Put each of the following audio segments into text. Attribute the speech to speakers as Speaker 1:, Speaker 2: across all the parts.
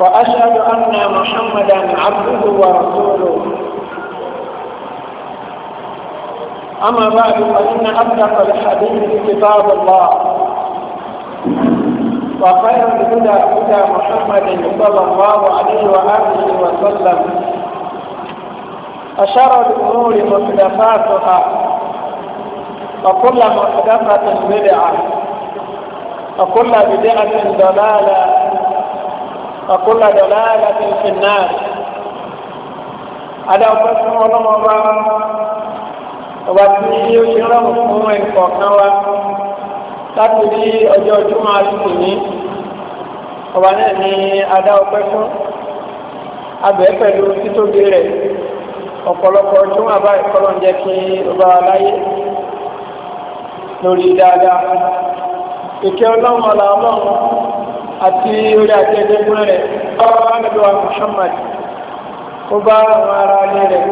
Speaker 1: وأشهد أن محمدا عبده ورسوله أما بعد فإن ابلغ الحديث كتاب الله وخير الهدى هدى محمد صلى الله عليه وآله وسلم وشر الأمور محدثاتها وكل محدثة بدعة وكل بدعة ضلالة وكل دلالة في النار هذا قسم الله ọba tí ó ṣe rọrùn fún ẹ̀kọ́ kan wá láti rí ọjọ́ ojúmọ́ àtúntò ní ọba náà ní adá ọpẹ́ fún abẹ́ pẹ̀lú títóbi rẹ̀ ọ̀pọ̀lọpọ̀ ojúmọ́ àbá ń jẹ́ kí ọba aláyé lórí dáadáa ìkẹ́ ọlọ́run ọ̀la àti orí àti ẹgbẹ́ fúnra rẹ̀ bá nàbí wa Muhammad ó bá àwọn ará ilé rẹ̀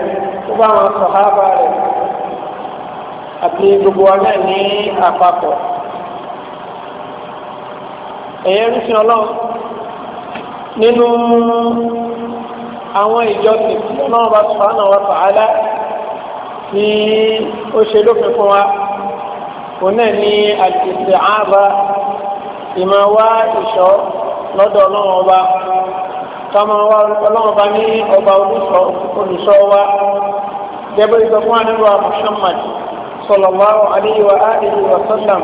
Speaker 1: ó bá àwọn sàhábà rẹ̀ àti gbogbo wa náà ní àpapọ̀ ẹ̀yẹ ń sin ọlọ́run nínú àwọn ìjọsìn náà bá sọ̀rọ̀ wa sàhálà tí ó ṣe lófin fún wa òun náà ní àti ìsìn ààbà ìmọ̀ wá ìṣọ́ lọ́dọ̀ ọlọ́run ọba kama wa ọlọ́run ọba ní ọba olùṣọ́ wa gẹ́gẹ́ bí sọ fún àdúrà Muhammad sallallahu alayhi wa alihi wa sallam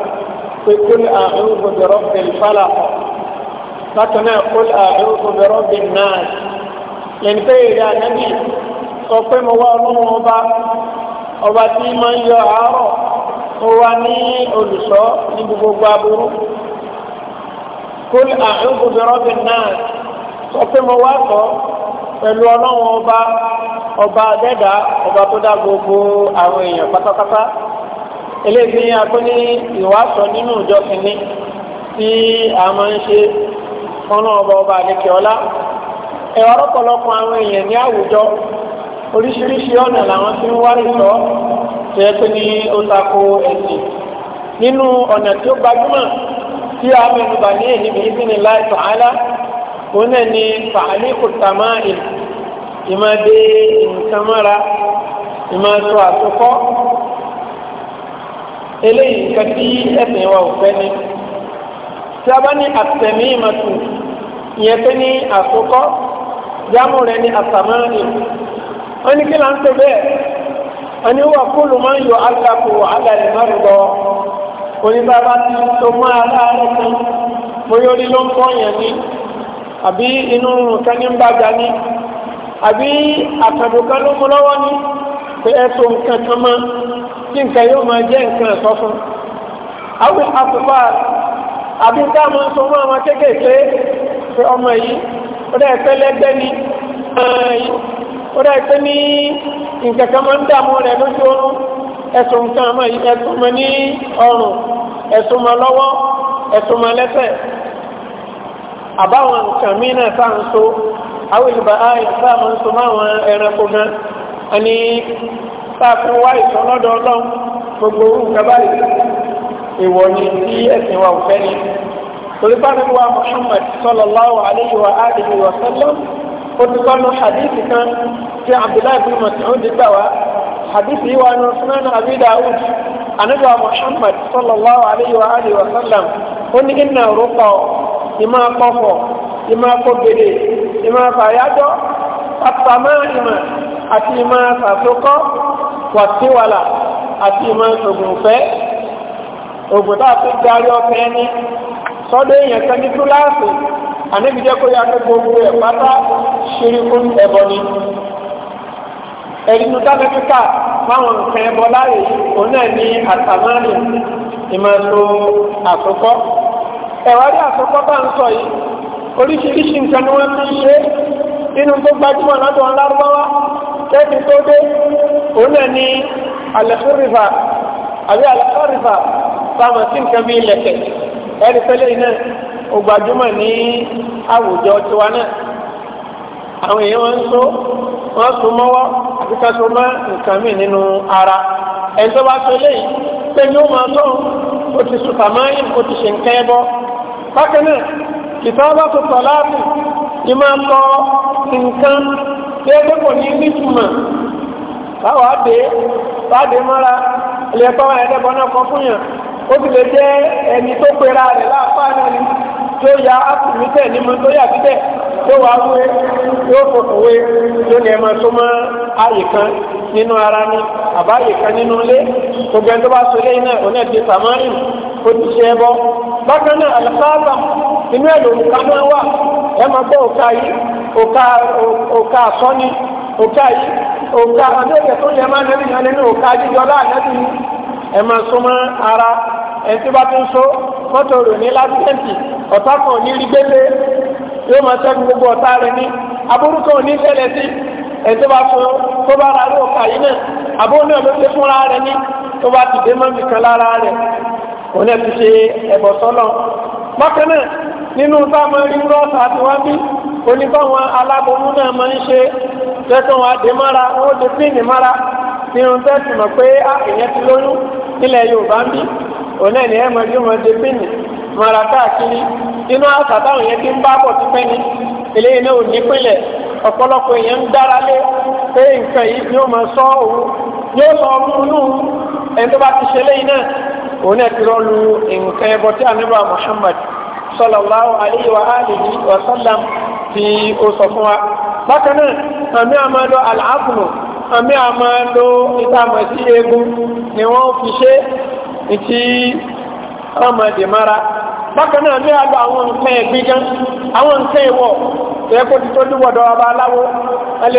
Speaker 1: pé kul a'udhu bi rabbil falaq bákan náà kul a'udhu bi rabbin nas yẹn pé èrè ànábì sọ pé mo wá ọlọ́run ọba ọba tí máa ń yọ àárọ̀ mo wá ní olùṣọ́ ní gbogbo aburú kul a'udhu bi rabbin nas sọ pé mo wá sọ pẹ̀lú ọlọ́run ọba ọba adẹ́dà ọba tó dá gbogbo àwọn èèyàn pátápátá eléyìí ni a tó ní ìwàásọ nínú ìjọ kìíní tí a máa ń ṣe fọ́nà ọba ọba àdékè ọlá ẹ̀rọ ọ̀pọ̀lọpọ̀ àwọn èèyàn ní àwùjọ oríṣiríṣi ọ̀nà làwọn tí ń wárí sọ tẹ́ tó ní ó tako ẹ̀sìn nínú ọ̀nà tí ó gbajúmọ̀ tí a mẹ́nu bà ní èyí bíi bíi láì fàálà òun náà ni fàálì kò tàmá ì ìmọ̀dé nǹkan mọ́ra ìmọ̀tò àtúkọ́
Speaker 2: eléyìí nǹkan tí ẹ̀sìn wa ò fẹ́ ni
Speaker 1: tí a bá ní àtẹ̀mí ìmọ̀tò ìyẹn pé ní àtúkọ́ jámù rẹ̀ ní àtàmá ì wọ́n kí là ń tó bẹ́ẹ̀ wọ́n ní wà kúlù máa ń yọ àgbàkù àgbà ìmọ̀rùbọ̀ oníbàbá ti tó mọ́ aláàárẹ̀ kan bóyá orí ló ń kọ́ yẹn ni àbí inú kan ní ń bàjá ni àbí àkàndò kan ló mú lọ́wọ́ ni pé ẹ tó nǹkan kan mọ́ kí nǹkan yóò máa jẹ́ nǹkan ẹ̀kọ́ fún àwọn àtùpà àbí táwọn ń so mọ́ kéékèèké pé ọmọ yìí ó dẹ́ pẹ́ lẹ́gbẹ́ ni ó dẹ́ pẹ́ ní nǹkan kan máa ń dààmú rẹ̀ lójú ẹ̀sùn nǹkan ọmọ ẹ̀sùn ọmọ ní ọrùn ẹ̀sùn mọ́ lọ́wọ́ ẹ̀sùn mọ́ lẹ́sẹ̀ àbáwọn nǹkan mí náà sáà ń so àwọn ìlúbà áyì sáà mọ́ ń so máwọn ẹranko gan ẹni sáà fún wá ìtàn lọ́dọ̀ ọlọ́run gbogbo orú nǹkan báyìí èèwọ̀ ni tí ẹ̀sìn wa ò fẹ́ ni torí bá nínú wa Muhammad sallallahu alayhi wa alihi wa sallam ó ti kọ́nu hadith kan tí Abdullahi bin Mas'ud gbà wá hadith yìí wà nù Sunan Abi Dawud ànábì wa muhammad sallallahu alayhi wa alihi wa sallam ó ní iná rúkọ ìmọ̀ akọ́fọ̀ ìmọ̀ akọ́gbèdè ìmọ̀ àfàyájọ́ àpamọ́ ìmọ̀ àti ìmọ̀ àfàtúkọ́ wàtíwàlà àti ìmọ̀ ògùnfẹ́ ògùn tá a fi darí ọkọ ẹni sọ́dọ̀ èèyàn kan ní túláàsì ànábì jẹ́ kó yá gbogbo ẹ̀ pátá ṣírí fún ẹ̀bọ ni ẹ̀yìn tábẹ́ kíkà fáwọn nǹkan ẹbọ láàyè òun náà ní àtàmánì ìmọ̀tò àkọ́kọ́ ẹ̀wá rí àkọ́kọ́ bá ń sọ yìí oríṣiríṣi nǹkan ni wọ́n fi ṣe nínú tó gbajúmọ̀ lọ́dọ̀ lárúbáwá lẹ́bi tó dé òun náà ní alẹ́fúrìfà àbí alẹ́fúrìfà táwọn sí nǹkan bíi lẹ̀kẹ̀ ẹ̀rí pẹ́lẹ́ iná ó gbajúmọ̀ ní àwùjọ tiwa náà àwọn èèyàn wọn ń so wọn so mọ́wọ́ àbí ká so mọ́ nǹkan míì nínú ara ẹni tó bá so léyìí pé ní ó máa tó o ti sùn tàmáyì o ti ṣe nǹkan ẹbọ bákan náà kìtàbà tó tọ̀ láàbù ni máa kọ nǹkan tí ẹgbẹ́ kò ní nítumọ̀ báwa dé báde mọ́ra ilé ẹ̀kọ́ ẹ̀ẹ́dẹ́gbọ́n náà kọ fún yàn ó sì lè jẹ́ ẹni tó pera rẹ̀ láàpá tí ya ápùlù tẹ̀ ní mọ́tò yà títẹ̀ tó wàá wé yóò fòfò wé tó ara ní àbáyè kan nínú ilé gbogbo ẹni tó bá so lẹ́yìn náà òun ẹ̀ ti sàmárìn ó ti ṣe ẹbọ bákan náà àlùfáàbà inú ẹ̀ lòun ká máa wà ẹ máa yìí yìí tó yẹ máa jíjọ ara bá mọ́tò rò ní lásìkẹ́ǹtì ọ̀tá kan ò ní rí gbélé yóò máa ṣẹ́gun gbogbo ọ̀tá rẹ̀ ní aburú kan ò ní ṣẹlẹ̀ sí ẹ̀tọ́ bá fún tó bá ra ló kà yín náà àbó náà ló ṣe fúnra rẹ̀ ní tó bá ti dé mọ́mì kan lára rẹ̀ kò náà ti ṣe ẹ̀bọ̀ sọ́lọ̀ bákan náà nínú táwọn rírọ́ àti wá bí oníbàwọn aláboyún náà máa ń ṣe tẹ́tọ́ wọn àdé mára wọn ó de píìnì mára nínú tẹ́sí mọ̀ pé àkèyàn ah, ti lóyún nílẹ̀ Yorùbá ń bí òun ẹni ẹ mọdé mọdé pínì mọra káàkiri inú àṣà táwọn yẹn ti ń bá bọ̀ ti pẹ́ ni eléyìí náà ò ní pínlẹ̀ ọ̀pọ̀lọpọ̀ èèyàn ń dára lé pé nǹkan yìí ni ó máa sọ òun yóò sọ ẹni tó bá ti ṣe léyìí náà òun náà ti rọlu nǹkan ẹbọ tí àníbà Muhammad wa wa sallam sọ fún wa bákan náà àmì àmàlò àlàáfùnù àmì àmàlò ìtààmù eegun etí ọmọdé mara bákan náà ní àlọ àwọn nǹkan ẹ̀gbin gan àwọn nǹkan ìwọ̀ tó ti tó dúbọ̀dọ̀ ọba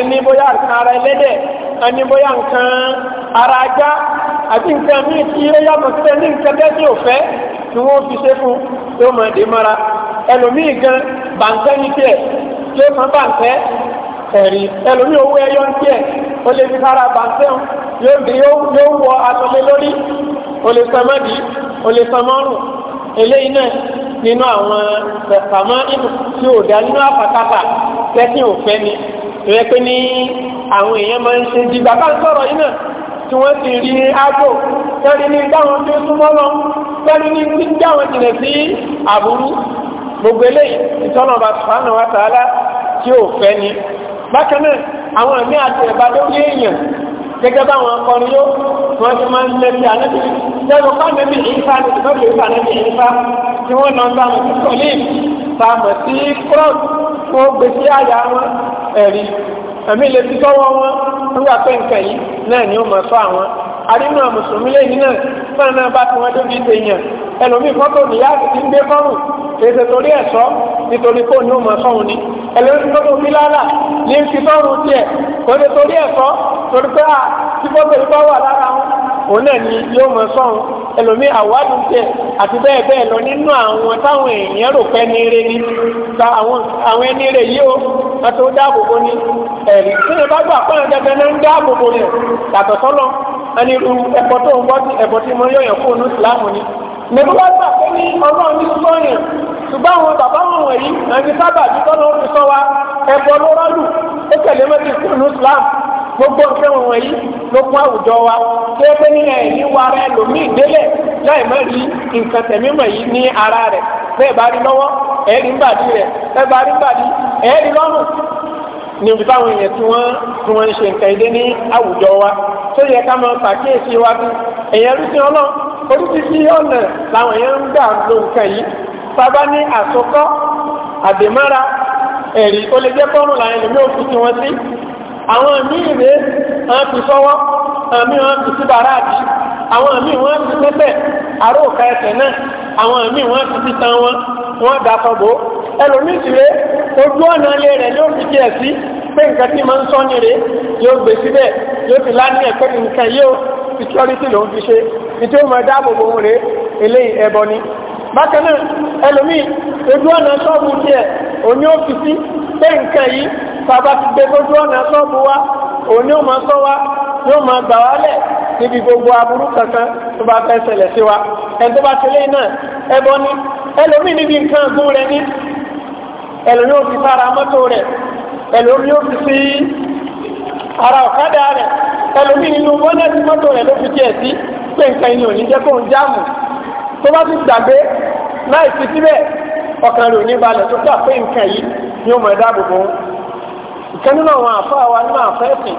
Speaker 1: ní bóyá nǹkan ara ẹlẹ́dẹ̀ a bóyá nǹkan ara ajá àti nǹkan ilé yàtọ̀ sílẹ̀ ní nǹkan fi ṣe fún ọmọ mara ẹlòmíì gan bàǹkẹ́ ní tiẹ̀ bàǹkẹ́ ẹ̀rí ẹlòmíì owó ẹyọ tiẹ̀ yóò wọ aṣọlé lórí o lè san mẹ́bí o lè san mọ́rùn nínú àwọn pàmò inú tí ò dá nínú àpàtàpà tẹ́sí òfẹ́ ni rẹ pé ní àwọn èèyàn máa ń ṣe dìgbà bá ń sọ̀rọ̀ yìí náà tí wọ́n ti rí ágbò tẹ́rí ní dáwọn tó súnmọ́ lọ tẹ́rí ní tí dáwọn jìnà sí àbúrú gbogbo eléyìí ìtọ́nà bá sùpánà wa tààlà tí ò fẹ́ ni bákan náà àwọn ẹ̀mí àti ẹ̀bá lórí èèyàn gẹ́gẹ́ báwọn akọrin yóò wọ́n ti máa ń tẹ̀sí ànábì lẹ́nu fáńdẹ́bì ìfà ní ìdókè fáńdẹ́bì ìfà tí wọ́n lọ bá wọn kíkọ ní ìfàmọ̀ sí cross fún gbèsè àyà wọn ẹ̀rí ẹ̀mí lè fi tọ́wọ́ wọn nígbà pé nǹkan yìí náà ni ó mọ̀ fún àwọn arínú àmùsùlùmí lẹ́yìn náà fún àná bá ti wọ́n débi ìdènyàn ẹlòmíì fọ́tò níyà ti ń gbé fọ́rùn kèsè torí ẹ̀sọ́ nítorí kó ní ó mọ̀ fọ́rùn ni ẹlòmíì fọ́tò fílàlà ní fi fọ́rùn tiẹ̀ kò ní torí ẹ̀sọ́ torí a ah, à tí bọ́sẹ̀lì bá wà lára wọn òun náà ni yóò mọ sọ́run ẹlòmíì àwádùn tẹ àti bẹ́ẹ̀ bẹ́ẹ̀ lọ nínú àwọn táwọn èèyàn rò pé ní eré ni ta àwọn ẹni eré yìí ó wọn tó dáàbòbò ni ẹ̀rí tí wọn bá gbà pọ́n dandan náà ń dáàbòbò rẹ̀ yàtọ̀ sọ́lọ́ ẹni irú ẹ̀kọ́ tó ń bọ́ sí ẹ̀kọ́ tí mo yọ̀yàn fún ònú ìsìlámù ni nínú wá gbà pé ní ọlọ́run ní sọ́yìn ṣùgbọ́n àwọn bàbá wọn wọ̀nyí àti sábà bí tọ́lọ́ fi sọ wa ẹ̀bọ gbogbo nke wọ̀nyí yi kún àwùjọ wa tó pé ní ẹ̀yìn wa rẹ lòmíì délẹ̀ láì má rí nǹkan tẹ̀mí wọ̀nyí ní ara rẹ̀ bẹ́ẹ̀ bá rí lọ́wọ́ ẹ̀ẹ́rì ń bàdí rẹ̀ bẹ́ẹ̀ bá rí bàdí ẹ̀ẹ́rì lọ́rùn ní ibi táwọn èèyàn tí wọ́n tí wọ́n ń ṣe nǹkan ní àwùjọ wa tó yẹ ká máa pàkíyèsí wa bí èèyàn rí sí ọ̀nà làwọn èèyàn ń gbà lo nǹkan yìí sábà ní àdèmára àwọn míì rèé wọn fi sọ́wọ́ àwọn míì wọn fi sí bàràkì àwọn míì wọn fi pẹ́pẹ́ àrò òkà ẹsẹ̀ náà àwọn míì wọn fi títan wọn wọn dà fọ́bọ̀ ẹlòmíì sì rèé ojú ọ̀nà ilé rẹ̀ ló fi jẹ́ sí pé nǹkan tí máa ń sọ ní rè yóò gbé síbẹ̀ yóò fi láti ẹ̀kọ́ nǹkan yóò security ló ń fi ṣe ìtí ó máa dáàbò bò wọn rè eléyìí ẹbọ ni. bákan náà ẹlòmíì ojú ọ̀nà sọ́ọ̀bù tiẹ̀ òní ó fi sí pé nǹkan yìí bàbá ti gbé lójú ọ̀nà sọ́ọ̀bù wa òní ò máa sọ wa yóò máa gbà wá lẹ̀ níbi gbogbo aburú kankan tó bá fẹ́ ṣẹlẹ̀ sí wa ẹni tó bá ti lé náà ẹbọ ní ẹlòmíì níbi nǹkan gún rẹ ní ẹlòmíì ò fi sára mọ́tò rẹ ẹlòmíì ò fi sí ara ọ̀kadà rẹ ẹlòmíì nínú bọ́nẹ́ẹ̀tì mọ́tò rẹ ló fi tiẹ̀ sí pé nǹkan yìí ò jẹ́ kó ń jáàmù tó bá ti gbàgbé láì fi síbẹ̀ ọkàn rẹ̀ ò ní balẹ̀ tó tà pé nǹkan yìí yóò mọ̀ ẹ́ dáàbò ìkan nínú àwọn àfa wa nínú àfa ẹ̀sìn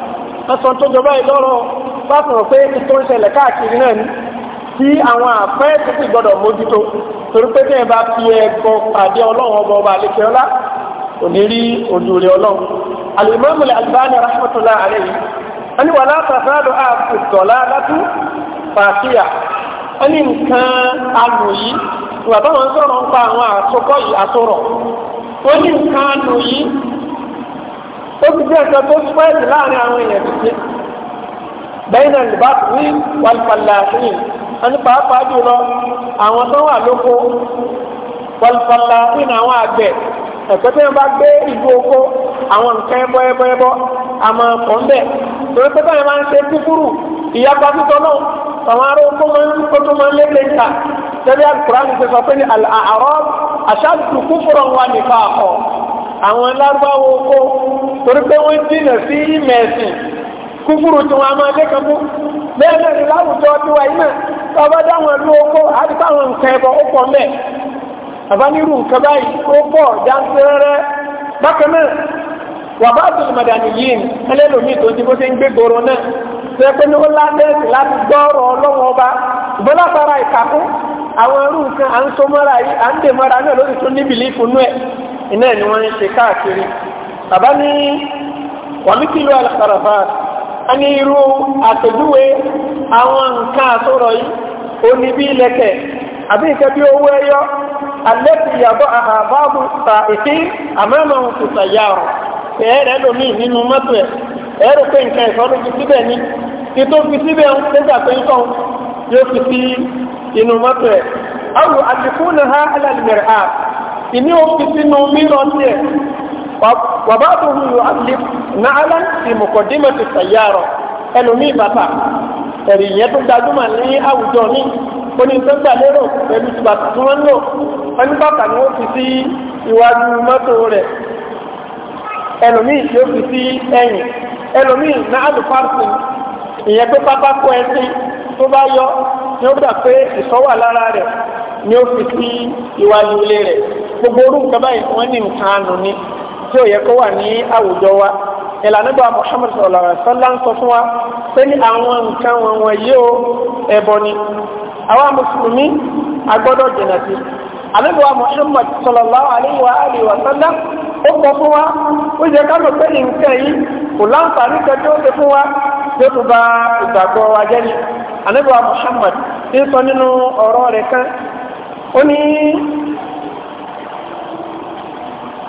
Speaker 1: ẹ̀sán tó jọba ìlọ́rọ̀ bá sọ̀rọ̀ pé tó ń ṣẹlẹ̀ káàkiri náà ni tí àwọn àfa ẹ̀sìn sì gbọ́dọ̀ mójútó torí pé bẹ́ẹ̀ bá fi ẹ̀kọ́ pàdé ọlọ́run ọba ọba àlekè ọlá òní rí òjòrè ọlọ́run Al-Imam Al-Albani rahmatullahi alayhi wọ́n ní wà látàfáàdọ̀ àpòtọ̀lá látú fàáfíà wọ́n ní nǹkan alù yìí ìwà báwọn sọ̀rọ̀ ń pa àwọn àsokọ́ yìí àsọ̀rọ̀ wọ́n ní nǹkan alù yìí ó ti jẹ́ nǹkan tó pẹ́ẹ́lì láàrin àwọn èèyàn títí bẹ́ẹ̀ náà lè bá kú ní wàlúfàlàfín ẹni pàápàá jùlọ àwọn tó wà lóko wàlúfàlàfín àwọn àgbẹ̀ ẹ̀kọ́ tí wọ́n bá gbé ìlú oko àwọn nǹkan ẹbọ ẹbọ ẹbọ àmọ́ ọ̀pọ̀ ń bẹ̀ torí pé báyìí máa ń ṣe kúkúrú ìyapa títọ́ náà àwọn ará oko máa ń kótó máa ń lékè níta tẹ́lẹ̀ alukurani ti sọ pé ní àrọ́ àṣàtúkú fúnra wa nìkan àkọ́ àwọn lárúbáwò oko torí pé wọ́n si sí ìmẹ̀sìn kúkúrú tí wọ́n á máa dékan mú bẹ́ẹ̀ ní láwùjọ tiwa yìí náà bàbá dáwọn ìlú oko àti nǹkan ẹ̀bọ̀ ó pọ̀ mẹ́ bàbá nǹkan báyìí ó pọ̀ jáńtẹ́rẹ́ bákan náà wà bá tó ẹlẹ́lòmíì tó ti bó ṣe ń gbé gbòòrò náà ṣe pé ní ó lábẹ́ẹ̀sì láti gbọ́ọ̀rọ̀ ọlọ́wọ́ ọba ìkàkún àwọn nǹkan à ń so mọ́ra yìí à ń dè mọ́ra náà ẹ̀ iná ẹ̀ ni bàbá ní wàmítìlú alàkàràfà a irú àpèjúwe àwọn nǹkan àtúrọ̀ yìí ó ní bí lẹ́kẹ̀ àbí ìkẹ́ bí owó ẹyọ alẹ́kì yàbọ̀ ta ìkí àmọ́mọ́ òkúta yà ọ̀ lómi nínú mọ́tò ẹ̀ ẹ̀rọ pé nǹkan ìfọ́nù fi síbẹ̀ ní وبعضهم يؤلف نعلا في مقدمة السيارة ẹlòmíì bàbà ẹ̀rì yẹn tó gbajúmọ̀ ní àwùjọ ní oní tó gbà lérò pẹ̀lú bàtà tí wọ́n ń lò wọ́n ní bàtà ni ó fi sí iwájú mọ́tò rẹ̀ ẹlòmíì tí ó fi sí ẹ̀yìn ẹlòmíì náàlù pàṣẹ ìyẹn tó pápá kó ẹsìn tó bá yọ ni ó gbà pé ìsọ́wà lára rẹ̀ ni ó fi sí iwájú ilé rẹ̀ gbogbo orú báyìí wọ́n ní nǹkan ànú ni tí ó yẹ kó wà ní àwùjọ wa ìlànà bá Muhammad sallallahu alaihi wa sallam sọ fún wa pé ní àwọn nǹkan wọn wọ̀nyí o ẹbọ ni àwa mùsùlùmí a gbọ́dọ̀ sí àlejò wa Muhammad sallallahu alaihi wa alihi wa sallam ó kọ fún wa ó yẹ ká lọ pé nǹkan yìí kò láǹfààní kẹjọ ó ti fún wa tó tún bá ìgbàgbọ́ wa jẹ́ ni àlejò wa Muhammad ti sọ nínú ọ̀rọ̀ rẹ̀ kan ó ní.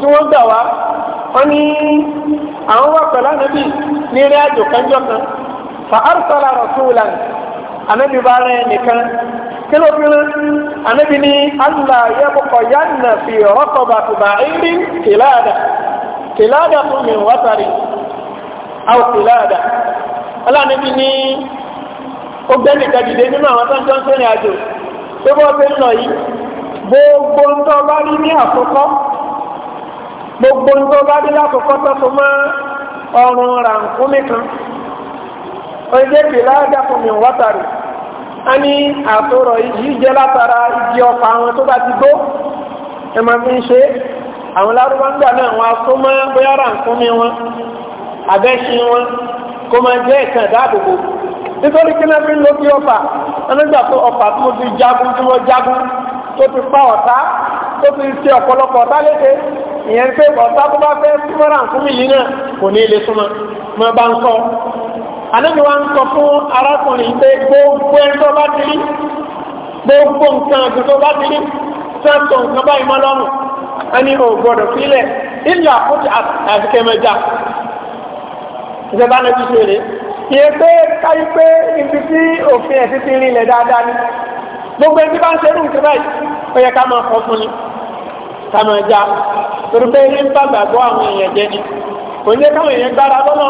Speaker 1: tí wọ́n gbà wá wọ́n ní àwọn wà pẹ̀lú ànábì ní eré àjò kanjọ́ kan fa arsala rasulan ànábì bá rẹ̀ nìkan kí ló fi rán ànábì ní allah yabqa yanna fi raqabati ba'irin qilada qilada fún mi wátàrí aw qilada aláàánábì ní ó gbẹ́ni nínú àwọn tó ń jọ́ ń sẹ́yìn àjò tó bọ́ sí ń yìí gbogbo ń tọ́ bá rí ní àkókò gbogbo ń tó bá dé lákòókò tó tó mọ́ ọrùn ràǹkúmí kan ọjọ́ ìpìlẹ̀ àjàkùnmí wọ́tàrí a ní àtòrọ̀ yìí jẹ́ látara ìdí ọ̀pá àwọn tó bá ti gbó ẹ máa fi ń ṣe àwọn lárúbá ń gbà náà wọn a tó mọ́ bóyá ràǹkúmí wọn àbẹ́ṣin wọn kó máa jẹ́ ìtàn ìdáàbòbò nítorí kí náà fi ń lo bí ọ̀pá ẹnìgbà tó ọ̀pá tó ti jagun tó ti pa ọ̀tá tó fi ṣe ọ̀pọ̀lọpọ̀ ọ̀tá léṣe ìyẹn pé ọ̀tá tó bá fẹ́ súnmọ́ra fún mi yìí náà kò ní ilé súnmọ́ mọ́ bá ń kọ́ anábì wa ń sọ fún arákùnrin pé gbogbo ẹni tó bá ti rí gbogbo nǹkan ọ̀gbìn tó bá ti rí sẹ́ńtọ̀ nǹkan báyìí mọ́ lọ́rùn ẹni ò gbọ́dọ̀ sílẹ̀ ilẹ̀ àkójọ àtikẹ́mẹ́jà ìjọba náà ti ṣe rèé yẹ pé káyí pé ibi tí òfin ẹ̀sìn ti rinlẹ̀ dáadáa ni gbogbo ẹni bá ń ṣerú nǹkan báyìí ó yẹ ká máa kọ́ fún ni kàmá já torí pé ní gbàgbọ́ àwọn èèyàn jẹ ni kò ní káwọn èèyàn gbára lọ́nà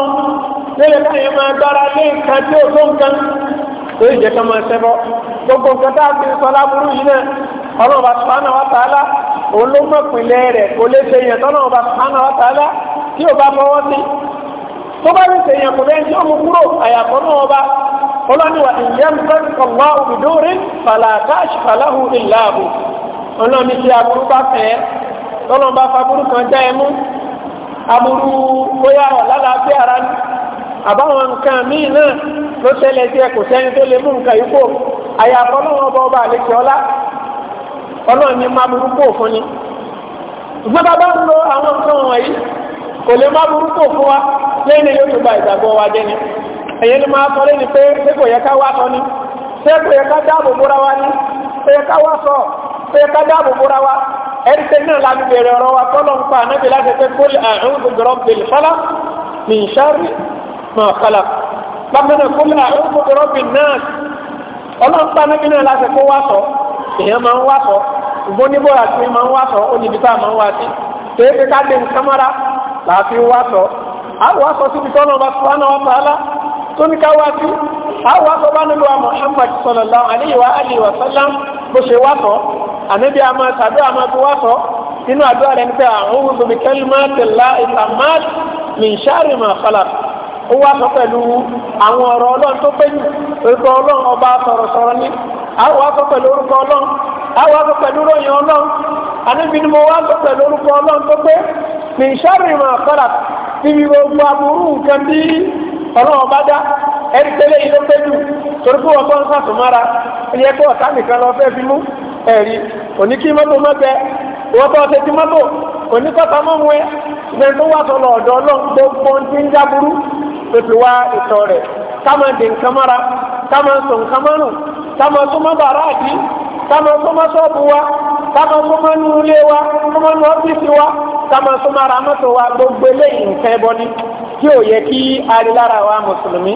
Speaker 1: lẹ́yìn káwọn èèyàn máa gbára lé nǹkan tí ó tó nǹkan tó ìjẹ kan máa ṣẹbọ gbogbo nǹkan tá a fi sọ láburú yìí náà ọlọ́run bá sùpánà wá tààlà òun ló mọ̀ pìlẹ̀ rẹ̀ kò lè ṣe èèyàn tọ́lọ́run bá sùpánà wá tààlà tí ò bá fọwọ́ sí tó bá lè ṣe èèyàn kò lẹ́yìn tí ó mú kúrò àyàfọ́ náà bá ọlọ́niwà ìyẹn fẹ́ kọ̀ọ̀wá ọlọ́run ní tí aburú bá fẹ́ tọ́lọ́run bá faburú kan já ẹmú aburú bóyá ọ̀lálàáfíà ara ní àbáwọn nǹkan míì náà ló ṣẹlẹ̀ sí ẹ kò tó lè mú nǹkan yìí kò àyàfọ́ ọlọ́run ọba ọba àlejò ọlá ọlọ́run má burú kò fún ni ṣùgbọ́n bá bá ń lo àwọn nǹkan wọ̀nyí kò lè má burú kò fún wa lẹ́yìn yóò tún ba ìgbàgbọ́ wa jẹ́ ni ẹ̀yẹ́ ni máa sọ lẹ́ni pé ṣé kò yẹ ká wá sọ ni ṣé kò yẹ ká dáàbò bóra wa ni ṣé yẹ ká wá sọ pé ká dáàbò bóra wa ẹni tẹ́ náà láti bẹ̀rẹ̀ ọ̀rọ̀ wa tọ́lọ̀ ń pa ànábì láti pé kó a'udhu bi rabbil falaq min sharri ma khalaq lámẹ́nà kó a'udhu bi rabbin nas ọlọ́run pa ànábì náà láti kó wá sọ èèyàn máa ń wá sọ ìbọn níbọ̀rà tí máa ń wá sọ ó níbi tá a máa ń wá sí kéé ká dé nǹkan láti wá sọ àwọn aṣọ síbi tọ́lọ̀ bá sọ ánà wọn sàálà tó ní ká wá sí àwọn aṣọ bá nílùú Muhammad sallallahu alaihi wa alihi wa sallam bó ṣe wá sọ ànábi àmà sàdúrà àmà tó wá sọ inú àdúrà rẹ̀ ní pé àwọn ohun tó fi kẹ́lí máa tẹ̀ la ìtàmá mìíṣàrì máa falà ó wá sọ pẹ̀lú àwọn ọ̀rọ̀ ọlọ́run tó pé orúkọ ọlọ́run ọba sọ̀rọ̀sọ̀rọ̀ ni àwọn akọ pẹ̀lú orúkọ ọlọ́run àwọn akọ pẹ̀lú ròyìn ọlọ́run ànábi ni mo wá sọ pẹ̀lú orúkọ ọlọ́run tó pé mìíṣàrì máa falà níbi gbogbo aburú nǹkan bí ọlọ́run bá dá ẹni tẹ́lẹ̀ yìí ló pé torí pé wọ́n kọ́ ń sàtúmára ẹni ẹ̀kọ́ ọ̀tá nìkan lọ fẹ́ fi mú ẹ̀rí òní kí mọ́tò mọ́tẹ́ wọ́n tó ṣe ti mọ́tò òní kọ́ta mọ́mú ẹ ṣùgbọ́n tó wà sọ̀rọ̀ ọ̀dọ́ ọlọ́run gbogbo ti ń jáburú pèpè wá ìtọ̀ rẹ̀ táwọn di nǹkan mọ́ra táwọn sọ nǹkan mọ́rùn táwọn tó mọ́ bàrá àti táwọn tó mọ́ sọ́ọ̀bù wa táwọn tó mọ́ nú ilé wa tó mọ́ nú ọ́fíìsì wa táwọn tó mọ́ ara mọ́tò wa gbogbo eléyìí nǹkan ẹbọ ni tí ò yẹ kí arilára ara àyùnkànṣe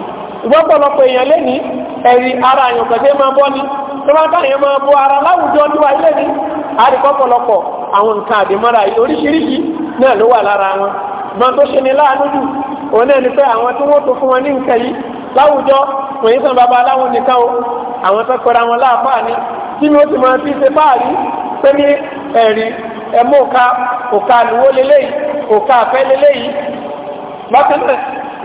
Speaker 1: máa bọ́ ni tó bá bá yẹn máa bo ara láwùjọ tiwa ilé ni àríkọ́pọ̀lọpọ̀ àwọn nǹkan àdìmọ́ra oríṣiríṣi náà ló wà lára wọn ṣùgbọ́n tó ṣe ni láàánú jù òun náà ni pé àwọn tí wọ́n tó fún wọn ní nǹkan yìí láwùjọ wọ́n sàn bàbá aláwọn nìkan o àwọn tó pẹ̀rọ àwọn láàfáà ni tí mi ó ti máa fi ṣe fáàrí pé ní ẹ̀rí ẹ̀mú òka òka àlùwó leléyìí òka àfẹ́ leléyìí bákan náà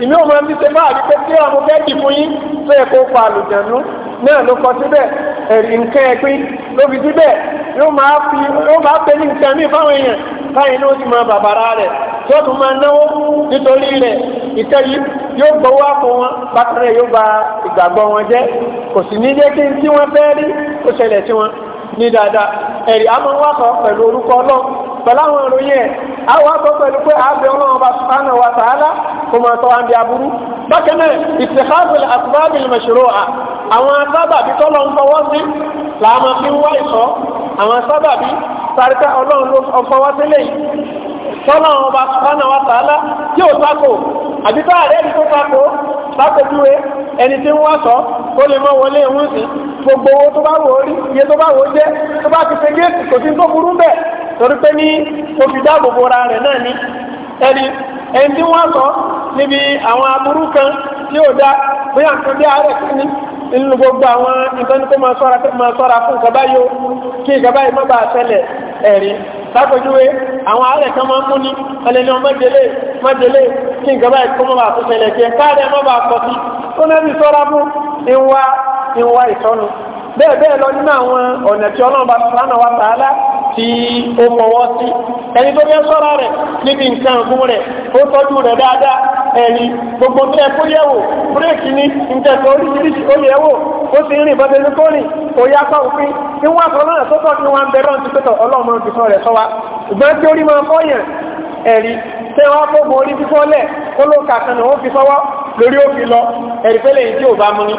Speaker 1: ìmí ò máa fi ṣe fáàrí pé tí àwọn fẹ́ dì fún yín tó yẹ kó pa àlùjànú náà ló kọ síbẹ̀ ẹ̀rí nǹkan ẹ̀ pín lóbi síbẹ̀ yóò máa fi yóò máa pè ní nǹkan mí fáwọn èèyàn báyìí ní ó ti máa bàbàrà rẹ̀ tí ó tún máa náwó nítorí rẹ̀ ìtẹ́ yìí yóò gbowó àpò wọn bákan náà yóò ba ìgbàgbọ́ wọn jẹ́ kò sì ní jẹ́ kí n tí wọ́n fẹ́ rí ó ṣẹlẹ̀ sí wọn ní dáadáa ẹ̀rí a máa ń wákọ̀ pẹ̀lú orúkọ ọlọ́run pẹ̀lú àwọn ìròyìn ẹ̀ a wá gbọ́ pẹ̀lú pé àbẹ̀ ọlọ́run ọba subhanahu wa ta'ala kò máa tọ́ àǹdí aburú bákan náà ìtìkábìlì àtúbábìlì mashru'a àwọn sábàbí tọ́lọ̀ ń fọwọ́ sí làá máa fi ń wá ìsọ́ àwọn sábàbí sàríkà ọlọ́run ló fọwọ́ sílẹ̀ yìí tọ́lọ̀ ọba sùpánà wa tààlà tí ò tako àbí bá àrẹ́ ẹni tó tako lápẹjúwe ẹni tí ń wá sọ ó lè mọ wọlé ìwọ̀n sí gbogbo owó tó bá wò rí iye tó bá wò ó tó bá ti ṣe géètì kò sí tó burú bẹ́ẹ̀ torí pé ní o fi dáàbò bo ara rẹ̀ náà ni ẹni ẹni tí wọ́n sọ níbi àwọn aburú kan tí ò dá bóyá nǹkan bí àárẹ̀ sí ni nínú gbogbo àwọn nǹkan ní kó máa sọ́ra kó máa sọ́ra fún nǹkan báyìí o kí nǹkan báyìí má bàa ṣẹlẹ̀ ẹ̀rí sápẹ̀júwe àwọn àárẹ̀ kan máa ń mú ní ọlẹ́ni ọmọdélé mọ́délé kí nǹkan báyìí kó má bàa kí ẹ káàdẹ̀ má bàa ó náà ti sọ́ra fún ìwà ìwà ìtọ́nu bẹ́ẹ̀ bẹ́ẹ̀ lọ nínú àwọn ọ̀nà tí ọlọ́run bá sánà wa tààlà tí ó fọwọ́ sí ẹni tó bẹ́ sọ́ra rẹ̀ níbi nǹkan ọ̀gùn rẹ̀ ó tọ́jú rẹ̀ dáadáa ẹ̀rí gbogbo tẹ́ kó yẹ̀wò búrẹ́kì ní ìjẹ̀kọ̀ oríṣiríṣi ó yẹ̀wò ó sì ń rìn bọ́tẹ́ ní kórìn kò yá pa òfin ní wọ́n àtọ́ náà tó tọ́ ní wa ìgbọ́n tí orí máa fọ́yàn ẹ̀rí tẹ́ wọ́n fọ́gbọ̀n orí fífọ́ lẹ̀ kó ló kà kan ó fi fọwọ́ lórí òfin lọ ẹ̀rí pẹ́lẹ̀ yìí ò bá mú ni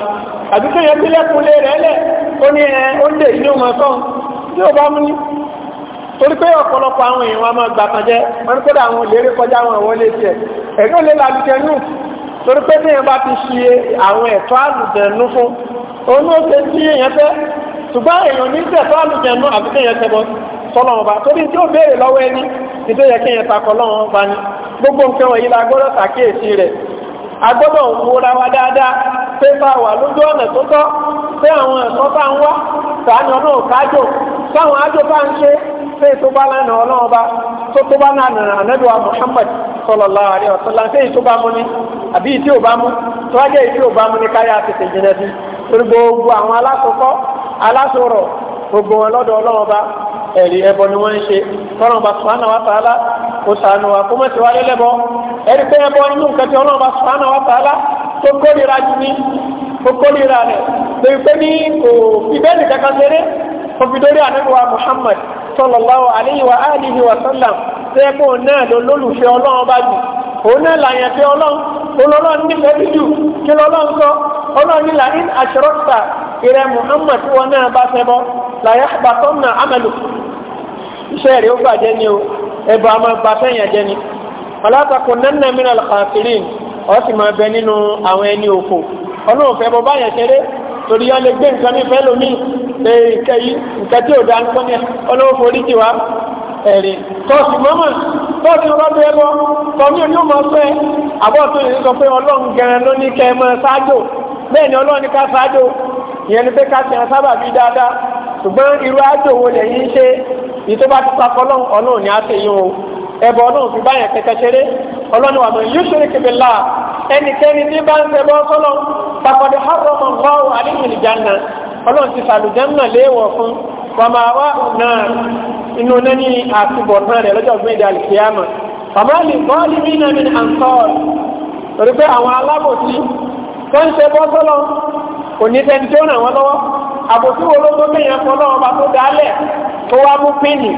Speaker 1: àdúgbò yẹn tí lẹ́kùnlé rẹ̀ lẹ̀ ó ní ẹ ó lè ní ọmọ ẹ̀kọ́ tí ó bá mú ní torí pé ọ̀pọ̀lọpọ̀ àwọn èèyàn a máa gbà kan jẹ́ wọ́n ní kódà àwọn òlérè kọjá àwọn àwọn olè tiẹ̀ ẹ̀rí òlè làlùjẹ nù torí pé téèyàn bá ti ṣe àwọn ẹ̀tọ́ àlùjẹ nù fún òun ó ṣe tí èèyàn fẹ́ ṣùgbọ́n èèyàn ní tẹ̀tọ́ àlùjẹ nù àbí téèyàn tẹ̀ bọ́ torí tí ó béèrè lọ́wọ́ ẹni nítorí kéèyàn takọ̀ lọ́wọ́n bá ní gbogbo nǹkan wọ̀nyí la gbọ́dọ̀ ṣàkíyèsí rẹ̀ a gbọ́dọ̀ wúra wa dáadáa pé bá wà lójú ọ̀nà tó tọ́ pé àwọn ẹ̀kọ́ bá ń wá sàánù ọ̀nà kájò sáwọn ájò bá ń ṣe pé tó bá lánàá ọlọ́run bá tó tó bá lánàá ànẹ́dùwà ni àbí ìtí ò bá mú tó ìtí ò bá mú ni káyà tètè sí gbogbo àwọn alákòókò gbogbo ọlọ́run ẹ̀rí ẹbọ ni wọ́n ń ṣe tọ́lọ́mọba sùhánà wa tààlà kò sànù wa kó mọ̀tì wáyé lẹ́bọ ẹ̀rí pé ẹbọ nínú nǹkan tí ọlọ́mọba sùhánà wa tààlà tó kórìíra jù ní tó kórìíra rẹ̀ lórí pé ní kò fi bẹ́ẹ̀ nìkan kan ṣeré kò fi dórí ànábìwá Muhammad sallallahu alayhi wa alihi wa sallam náà lọ lólùfẹ́ ọlọ́run bá jù iṣẹ́ rẹ̀ ó bàjẹ́ ni o ẹ̀bọ̀ a máa ba sẹ́yìn jẹ́ ni ọlọ́tàkùn nánà mìíràn kàfírìn ọ sì máa bẹ nínú àwọn ẹni òfò ọlọ́run fẹ́ bọ́ báyẹn ṣeré torí wọn lè gbé nǹkan mi fẹ́ lómi lè kẹ́ yí nǹkan tí ò da nǹkan yẹn ọlọ́run forí ti wá ẹ̀rí tọ́sí mọ́mọ́ tọ́sí ọlọ́dún ẹbọ tọ́mí ò ní mọ̀ pé àbọ̀ tó yẹ sọ pé ọlọ́run gan ló ní kẹ́ ẹ mọ́ ṣáájò bẹ́ẹ̀ ni ọlọ́run ní ká ṣáájò ìyẹn ni pé ká ṣe àṣàbàbí dáadáa ṣùgbọ́n irú àjò wo lè yín ṣe yìí tó bá ti pa kọ́ lọ́hùn ọlọ́run o ọlọ́run fi báyẹn kẹkẹ ṣeré ọlọ́run wà lóyún yóò ṣeré kébé láà ẹnikẹ́ni tí bá ń ṣe bọ́ sọ́lọ́ pàkọ́dé hàrọ́mọ̀ gbọ́ọ̀ àdéhùn ìjànà ọlọ́run ti sàlùjẹ́nà léèwọ̀ fún wàmàwá náà inú nání àtúbọ̀ náà rẹ̀ lọ́jọ́ àbòsí wo ló tó téèyàn fún ọlọ́run ọba tó dálẹ̀ tó wá mú pínì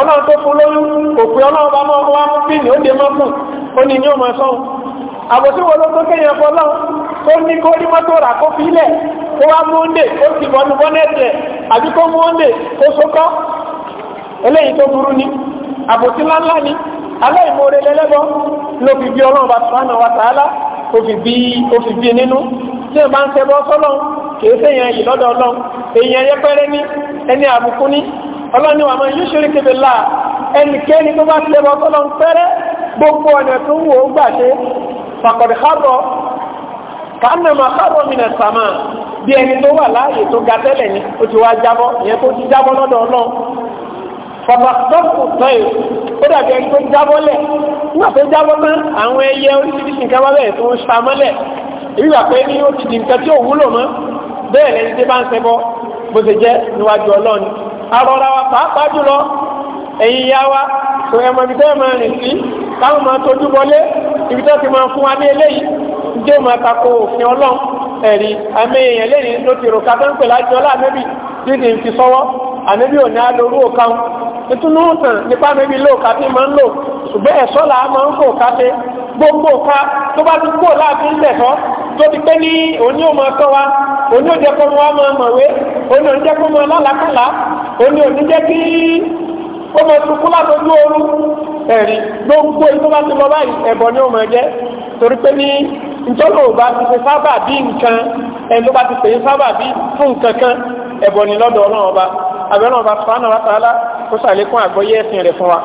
Speaker 1: ọlọ́run tó fún lóyún òpin ọlọ́run ọba mọ́ wá mú pínì ó lè mọ́ fún ó ní ní ọmọ sọ́hun àbòsí wo ló tó téèyàn fún ọlọ́run tó ní kó rí mọ́tò rà kó fi lẹ̀ tó wá mú ọ́ndè ó sì bọ́nu bọ́nẹ́ẹ̀tì rẹ̀ àbí kó mú ọ́ndè ó sókọ́ eléyìí tó burú ni àbòsí ńláńlá ni aláìmoore lẹ́lẹ́bọ́ ló fi bí ọlọ́run ọba sùn ó fi bí ó fi bí nínú tí ẹ bá ń ṣẹbọ sọ́lọ́n kìí ṣe èèyàn yìí lọ́dọ̀ ọlọ́n èèyàn yẹpẹrẹ ní ẹni àbùkù ní ọlọ́ni wà máa yóò ṣeré kébé láà ẹnikẹ́ni tó bá ṣẹbọ sọ́lọ́n fẹ́rẹ́ gbogbo ọ̀nà tó wò ó gbà ṣe pàkọ̀dé hábọ̀ kánàmà hábọ̀ mìnà sàmà bí ẹni tó wà láàyè tó ga tẹ́lẹ̀ ni ó ti wá jábọ́ ìyẹn tó ti jábọ́ lọ́dọ̀ ọlọ́n fọ̀fọ̀tọ́kù tọ́yì ó dàbí ẹni tó jábọ́lẹ̀ nígbà tó jábọ́lẹ̀ àwọn ẹyẹ oríṣiríṣi nǹkan wá bẹ̀rẹ̀ tó ń samọ́lẹ̀ ìwà pé ní ó ti di nǹkan tí ò wúlò mọ́ bẹ́ẹ̀ lẹni tí bá ń ṣẹbọ bó ṣe jẹ́ níwájú ọlọ́ni arọra wa pàápàá jùlọ ẹ̀yin ya wa tó ẹmọ ibi tẹ́ máa rìn sí táwọn máa tójú bọlé ibi tẹ́ ti máa fún wa ní eléyìí jẹ́ máa tako òfin ọlọ́run ẹ̀rí àmì èèyàn lẹ́yìn ló ti rò ká ń pè láti ọlá àmẹ́bì tí ti ń fi sọ́wọ́ àmẹ́bì ò ní á lorú ìtúnú tàn nípa bíbí lò káfí máa ń lò ṣùgbọ́n ẹ̀ṣọ́ là á máa ń fò káfí gbogbo ká tó bá ti kó láàfin ń tẹ̀sọ́ tó ti pé ní òní ò máa kọ́ wa òní ò jẹ́ kó wa máa mọ̀wé òní ò ní jẹ́ kó máa lálàkàlà òní ò ní jẹ́ kí ó máa sunkún látọjú oorun ẹ̀rí gbogbo ìtọ́ bá ti lọ báyìí ẹ̀bọ̀ ni ó máa jẹ́ torí pé ní ìjọba ò ti ṣe sábà bí nǹkan ẹni tó bá ti ṣe sábà bí fún nǹkan kan ẹ̀bọ̀ ni lọ́dọ̀ ọlọ́run ọba abẹ́rẹ́ ọba sọ́nà wa tààlà kó sàlékún àgbọ́yé ẹ̀sìn rẹ̀ fún wa.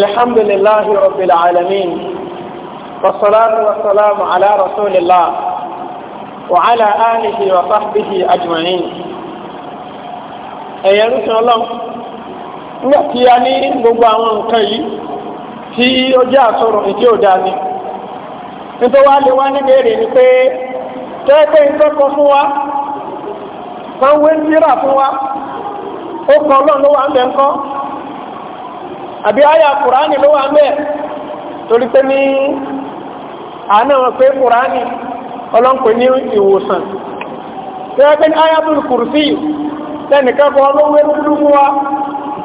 Speaker 1: الحمد لله رب العالمين والصلاة والسلام على رسول الله وعلى آله وصحبه أجمعين ẹ̀yẹ rúfin الله nígbà tí a ní gbogbo àwọn nǹkan yìí tí ó jẹ́ àsọ̀rọ̀ ìdí òdà ni nítorí wá lè wá níbèrè ni pé tẹ́ẹ̀pẹ́ ìtọ́kọ fún wa sanwó ń tíra fún wa ó kọ ọlọ́run ló wà ń bẹ̀ ń kọ́ àbí àyà kùránì ló wà ń bẹ̀ torí pé ní àánà wọn pé kùránì ọlọ́nkò ní ìwòsàn tẹ́ẹ̀pẹ́ ní àyà tó kùrùsí tẹ́nìkẹ́kọ̀ọ́ ló wé fún wa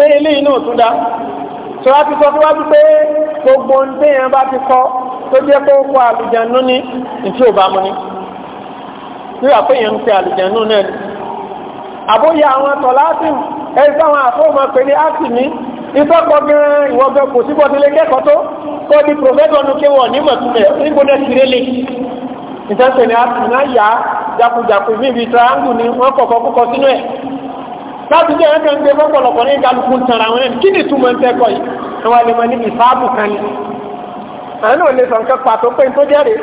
Speaker 1: ṣé eléyìí náà tún dá tó wá ti sọ fún wa pé gbogbo ohun téèyàn bá ti kọ tó jẹ́ kó kọ àlùjánu ní ìtí ò bá mu ní wíwà pé èèyàn ń pe àlùjánu náà ni àbóyá àwọn tọ̀láàtìm ẹ̀rí sáwọn àfọ́ọ̀mọ̀ pé ní átìmí ìfọ́pọ̀ gan-an ìwọ̀gbẹ́ kò síbọ̀ sílé kẹ́kọ̀ọ́ tó kó di pòfẹ́tọ̀nù kéwọ̀ nímọ̀ túnbẹ̀ nígbóná tirélé ìtẹ́sẹ̀ ni átìmí náà yá jakujaku níbi triangle ni wọ́n kọ̀kọ́ kọ́kọ́ sínú ẹ̀ láti jẹ́ ẹ̀kẹ́ ń gbé fọ́pọ̀lọpọ̀ ní ìkálukú ń tara wọn kí ni túmọ̀ ń tẹ́kọ̀ yìí wọn lè mọ ní ìfáàbù kan ni àánú ò lè sọ nǹkan pàtó pé tó jẹ́rìí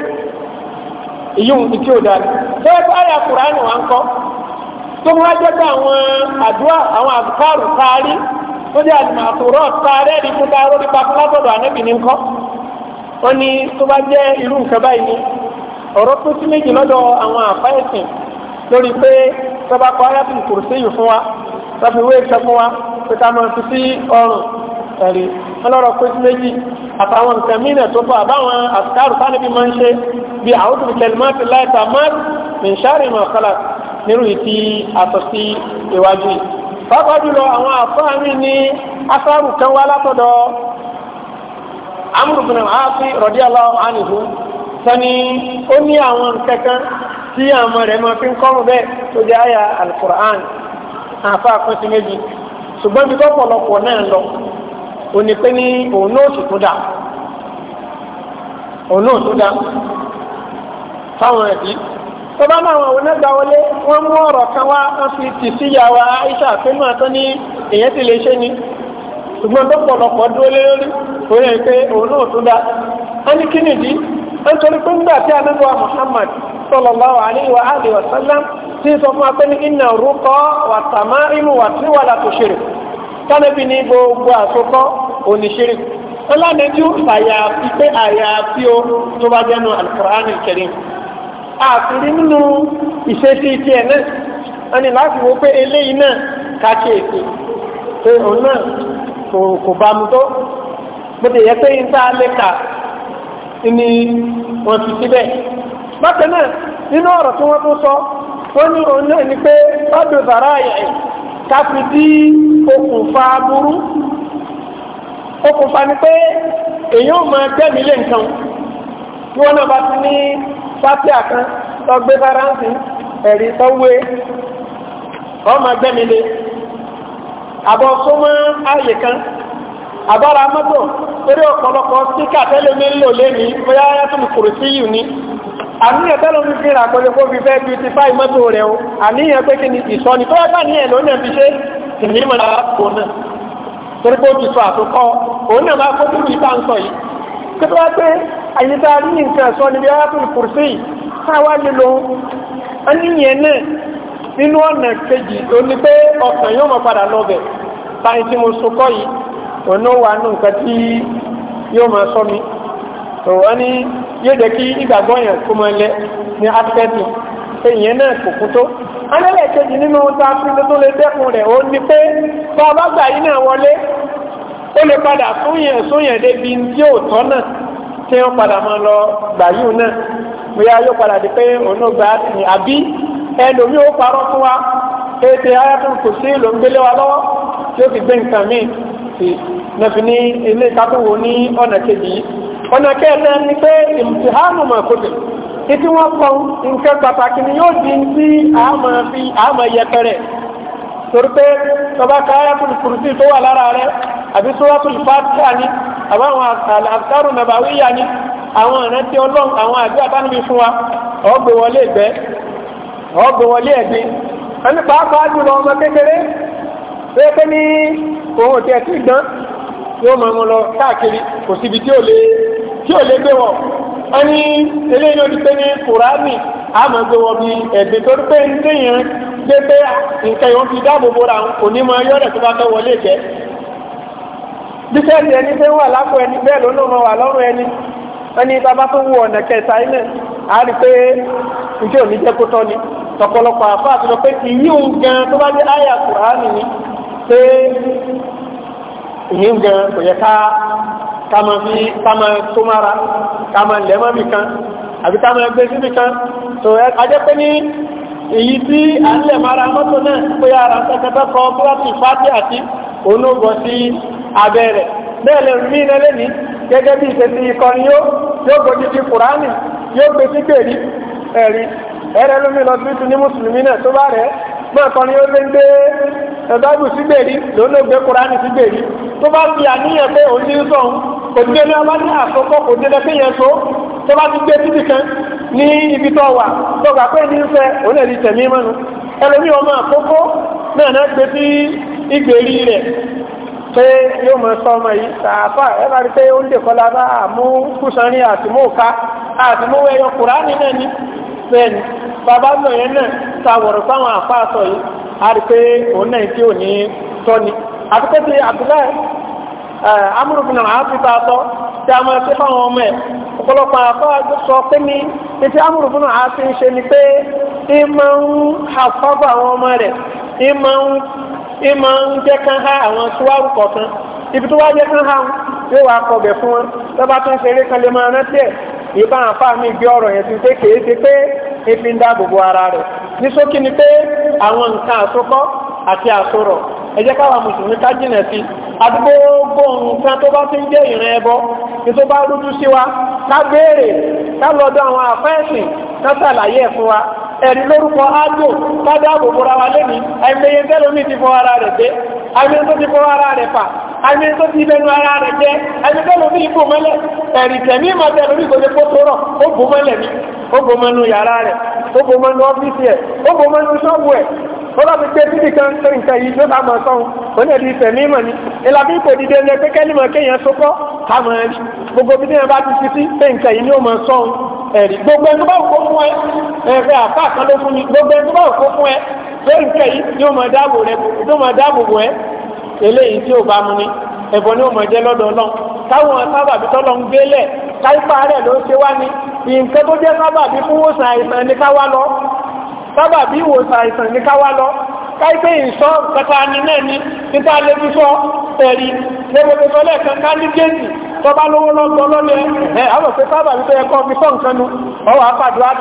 Speaker 1: ìyún ìtí ò dáa bẹ́ẹ̀ bá yà kùránì wà ń kọ́ tó mú wájẹ́ pé àwọn àdúrà àwọn àbùkárù taari tó jẹ́ àdùmọ̀ àtòrọ̀ taari ẹ̀rí tó dá lórí bakulábọ̀dọ̀ ànábì ní ni ọ̀rọ̀ tó sí méjì lọ́dọ̀ àwọn àfáìsìn lórí pé tọ́ba kọ́ arábìnrin kùrùsí yìí fún wa tọ́fi wé ìṣẹ́ fún wa pé ká máa fi sí ọrùn ẹ̀rí ọlọ́rọ̀ pé sí méjì àtàwọn nǹkan mìíràn tó bọ̀ àbáwọn àfikárù tánibí máa ń ṣe bí àwọn òbí kẹlìmọ́tì láìta máa ń ṣàrì mọ̀ kọ́là nírú ìtì àtọ̀ sí iwájú yìí. pàápàá jùlọ àwọn àfáàmì ní asáàrù kan wá látọ̀dọ̀ Amru bin Al-As radiyallahu sani ó ní àwọn nǹkan kan tí àwọn rẹ̀ máa fi ń kọ́rù bẹ́ẹ̀ tó jẹ́ àyà Al-Qur'an àfa àpínsí méjì ṣùgbọ́n ibi tó pọ̀lọpọ̀ náà lọ òní pé ní òun náà sì tún dà òun náà tún dà fáwọn ẹbí tó bá máa wọn onágbà wọlé wọn mú ọ̀rọ̀ kan wá wọn fi tì sí yàwá Aisha àfẹnú àtọ́ ní èyẹ ti lè ṣe ni ṣùgbọ́n tó pọ̀lọpọ̀ dúró lé lórí òun yẹn pé òun náà tún dà wọn ní kí nìdí wọn torí pé nígbà tí anábọ̀ Muhammad sallallahu alaihi wa alihi wa sallam tí sọ fún apẹ́ ní iná rúkọ wà tàmá inú wà tí wà látò ṣeré kánẹ́bí ní gbogbo àsopọ̀ oníṣeré ọlọ́nẹ́jú àyàfi pé àyàfi o tó bá jẹ́nu alukur'an kẹrin àfìrí nínú ìṣesí tiẹ̀ náà wọ́n ní láti wo pé eléyìí náà káàkiri èsì pé òun náà kò bá mu tó bó ti yẹ pé ń tá a lè kà ni wọ́n fi síbẹ̀ bákan náà nínú ọ̀rọ̀ tí wọ́n tó sọ onu ní òun náà ni pé ọdún sàrà ẹ̀ káfí dí okùnfà burú okùnfà ni pé èyí ò máa tẹ́mi nǹkan tí wọ́n náà bá ti ní pátíà kan tọ́gbé fáráǹsì ẹ̀rí tọ́wé ọmọ àbọ̀ kan àbára mọ́tò eré ọ̀pọ̀lọpọ̀ síkà tẹ́lẹ̀ ń lò lé ní bóyá ni àníyàn tẹ́lọ fi fi ràkọlẹ̀ kó fi fẹ́ beautify mọ́tò rẹ̀ o àníyàn pé kí ni ìsọ́ni tó wáyé àníyàn ló náà fi ṣe ìmìíràn lára kò náà torí pé ó ti sọ àtúkọ́ òun náà máa kókó ní ìta ń sọ yìí kí tó wá pé àyíká ní nǹkan ẹ̀sọ́ níbi yóò máa sọ so wọ́n ní yóò jẹ́ kí ìgbàgbọ́ yẹn kó mọ lẹ ní aspect pé ìyẹn náà kò kú tó alẹ́lẹ̀ kejì nínú ta fi tó lè dẹ́kun rẹ̀ ó ní pé bá a bá gbà yín náà wọlé ó lè padà fún yẹn sún yẹn débi tí ò tọ́ ní ọ̀nà kejì yìí ọ̀nà kẹta ni pé ìmùtìhánù mà kódà títí wọ́n kọ́ nǹkan pàtàkì ni yóò di sí àmà fi àmà yẹpẹrẹ torí pé tọba káyà kùrùsì tó wà lára rẹ àbí suratul Fatiha ni àbáwọn àkàrù nàbàwíyà ni àwọn ìrántí ọlọ́run àwọn àbí àbánibí fún wa ọgbẹ̀ wọlé ẹgbẹ́ ọgbẹ̀ wọlé ẹgbẹ́ ẹni pàápàá jùlọ ọmọ kékeré pé pé ní òun ò tiẹ̀ sí gbọ́n yóò máa mú lọ káàkiri kò síbi tí ò lè tí ò lè gbé wọn wọn ní eléyìí ó ti pé ní kùránì àmọ́ gbé wọn bí tó pé ń déyàn nǹkan fi dáàbò bóra kò ní máa yọ̀rẹ̀ tó bá fẹ́ wọlé ìkẹ́ bíṣẹ́ẹ̀tì ẹni fẹ́ wà lápò ẹni bẹ́ẹ̀ ló náà wà lọ́rùn ẹni wọn ní bàbá tó wù ọ̀nà kẹta ilẹ̀ á rí pé njẹ́ òní jẹ́ kó tọ́ ni pé ìyí òun gan tó bá dé áyà kùránì ni pé ìyẹn gan kò yẹ ká ká máa fi ká máa tó mára ká máa lẹ̀ mọ́ bìkan àbí ká máa gbé síbi kan tó ẹ ajẹ́ pé ní èyí tí à ń lẹ̀ mára mọ́tò náà pé ara sẹ́kẹ́tẹ́ kọ búrọ́tì fáti àti onóògùn sí abẹ́ rẹ̀ bẹ́ẹ̀ lè rí iná lẹ́ni gẹ́gẹ́ bí ìṣesí ìkọrin yóò yóò gbòdì ti kùránì yóò gbé sí gbèrí ẹ̀rí ẹ̀rẹ́ lómi lọ sí ti ní mùsùlùmí náà tó bá rẹ̀ mọ́ ìkọrin yóò lé ń ẹ̀báìbù sígbèrí lòun ló gbé kúránì sígbèrí tó bá fi àníyàn pé òun ní sọ̀hún kò dé ní ọba ní àkókò kò dé lẹ́sẹ̀ yẹn tó tó bá ti gbé títì kan ní ibi tó wà tó gbà pé ní fẹ́ òun ẹ̀rí tẹ̀mí mọ́nu ẹlòmíì ọmọ àkókò náà náà gbé sí ìgbèrí rẹ̀ pé yóò mọ sọ ọmọ yìí ẹ bá rí pé ó lè kọ́ àmú ẹyọ kùránì náà ní bẹ́ẹ̀ ni bàbá náà yẹn náà ta wọ̀rọ̀ fáwọn àtọ̀ yìí a rí pé òun náà tí ò ní tọ́ni àtúkọ́ ti Abdullahi amúrùbùnà àfíta sọ tí a máa ṣe fáwọn ọmọ ẹ̀ ọ̀pọ̀lọpọ̀ àfáàjú sọ pé ní títí amúrùbùnà àti ń ṣe ni pé ìmọ̀ ń àfọ́bọ̀ àwọn ọmọ rẹ̀ ìmọ̀ ń jẹ́ kán há àwọn tíwárù kọ̀ọ̀kan ibi tó wá jẹ́ kán há yóò wá kọ̀bẹ̀ fún wọn lọ́ba tó ń ṣeré kan lè máa rántí ẹ̀ ìbá àfáà mi gbé ọ̀rọ̀ yẹn ti pé kèé ṣe pé ìfi ń dáàbò bo ara rẹ̀ ní ṣókí ni pé àwọn nǹkan àsokọ́ àti asọrọ ẹ jẹ́ mùsùlùmí ká sí àdúgbò nǹkan tó bá tí ń jẹ́ ìrìn ẹbọ ní tó bá rújú sí wa ká béèrè àwọn àfẹ́sìn ká ṣàlàyé wa ẹ̀rí lórúkọ ájò ká dáàbò wa ti ẹni tó ti bẹnu ara rẹ̀ jẹ́ ẹni tó lómi ìbò mọ́lẹ̀ ẹ̀rì tẹ̀mí ìmọ̀ tẹ̀ lórí ìgbòdè kótó rọ̀ ó bò mọ́lẹ̀ mi ó bò mọ́nu yàrá rẹ̀ ó bò mọ́nu ọ́fíìsì ẹ̀ ó bò mọ́nu ṣọ́ọ̀bù ẹ̀ ọlọ́run pé títí kan tó nǹkan yìí ló bá mọ̀ sọ́hun òun ẹ̀dí ìfẹ̀mí mọ̀ ni ìlàbí ipò dídé ẹni pé kẹ́lìmọ̀ kéèyàn tó kọ́ àmọ́ ẹ̀rí gbogbo bí díẹ̀ bá ti fi sí pé nǹkan yìí ni ó mọ̀ sọ́hun ẹ̀rí gbogbo ẹni tó bá wù kó fún ẹ ẹ̀rẹ́ àpá kan ló fún mi gbogbo ẹni tó bá kó fún ẹ pé nǹkan yìí ni ó mọ̀ dáàbò rẹ ni ó mọ̀ dáàbò bò ẹ eléyìí tí ò bá mu ni ẹbọ ni ó mọ jẹ lọ́dọ̀ Ọlọ́run káwọn sábàbí tọlọ ń gbélẹ káípa rẹ ló ṣe wá ní nǹkan tó jẹ sábàbí fún wòsàn àìsàn ní ká lọ sábàbí ìwòsàn àìsàn ní ká lọ káípé ìṣọ kẹta ni náà ni níta lẹbi sọ ẹrí lẹgbẹgbẹ sọ lẹ́ẹ̀kan ká ní géètì tọba lówó lọgbọ lọlẹ ẹ àwọn pé sábàbí tó yẹ kọ fi sọ nǹkan ọwọ́ apàdé wá